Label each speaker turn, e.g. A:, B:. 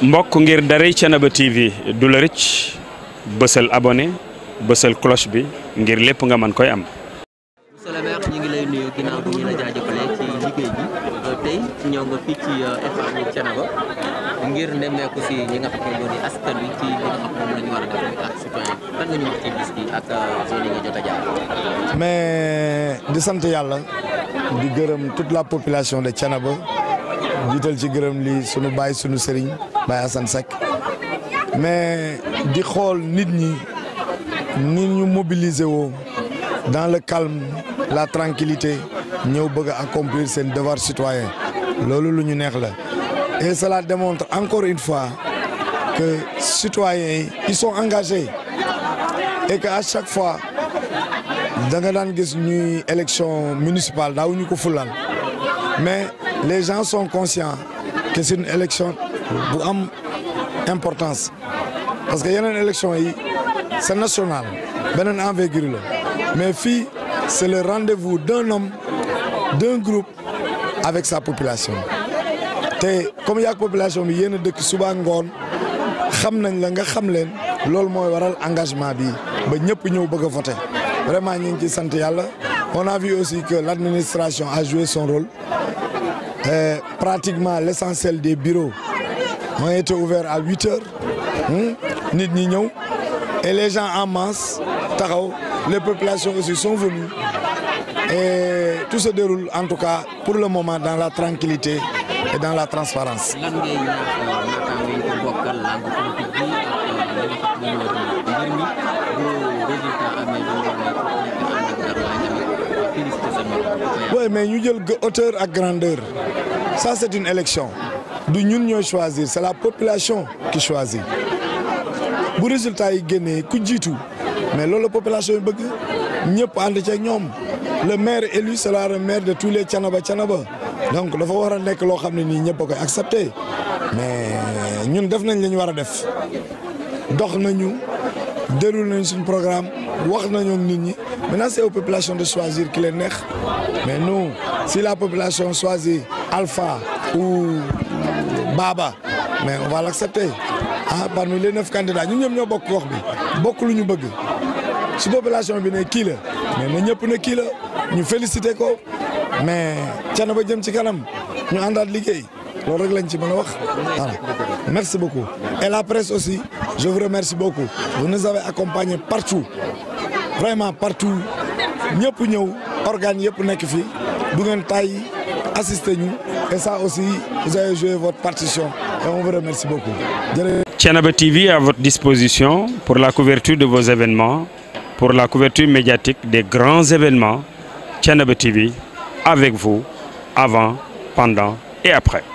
A: mbokk ngir daray Thiénaba TV du la rëcc bësal abonné bësal cloche bi ngir lépp nga man koy am. monsieur la jaajëfalee ci liggéey euh, tey ñëw nga fii ci euh, épargne Thiénaba ngir nemmeeku si ñi nga xam ci li nga xam moom ci euh, jot a jaar. mais di sant yàlla di gërëm toute la population de Thiénaba jiital ci gërëm li sunu baay sunu sëriñ. Baye Assane Seck mais di xool nit ñi nit ñu mobiliser woo dans le calme la tranquillité ñëw bëgg a seen devar citoyen loolu lu ñu neex la e cela démontre encore une fois que citoyens yi ils engagé engagés et que à chaque fois danga daan gis ñuy élection municipale daawuñu ko fulal mais les gens sont conscients que c'est une élection bu am importance parce que yeneen élection yi c'est national beneen envergure la mais fii c'est le rendez-vous d'un homme d'un groupe avec sa population te comme yaag population bi yéen a dëkk suba ngoon xam nañ la nga xam leen loolu mooy waral engagement bi ba ñëpp ñëw bëgg a voter vraiment ñu ngi sant yàlla on a vu aussi que l'administration a joué son rôle pratiquement l'essentiel des bureaux on était ouvert à huit heures nit ñi ñëw et les gens en masse taxaw les populations aussi sont venues et tout se déroule en tout cas pour le moment dans la tranquillité et dans la transparence euh, euh, oui mais ñu jël hauteur ak grandeur ça c'est une élection du ñun ñooy choisir c'est la population qui choisit bu résultat yi génnee ku jiitu mais loolu la population yi bëgg ñëpp ànd ceeg ñoom le maire élu sera le maire de tous les Thiénaba Thiénaba donc dafa war a nekk loo xam ne nii ñëpp a koy accepté mais ñun def nañ li ñu war a def dox nañu déroule nañu suñu programme wax nañu nit ñi maintenant c'est aux populations de choisir qui leen neex mais nous si la population choisir Alpha Baba mais on va l'accepter ah parmi le neuf candidats ñun ñëpp ñoo bokk wax bi bokk lu ñu bëgg si population bi ne kii la mais na ñëpp ne kii ñu féliciter ko mais cana ba jëm ci kanam ñu àndaat liggéey. loolu rek lañ ci mën a wax voilà merci beaucoup et la presse aussi je vous remercie beaucoup vous nous avez accompagnés partout vraiment partout ñëpp ñëw organes yëpp nekk fii du ngeen tàyyi assister ñu et ça aussi vous avez joué votre partition et on vous remercie beaucoup jërëjëf disposition pour la couverture de vos événements pour la couverture médiatique des grands événements Thiénaba TV avec vous avant pendant et après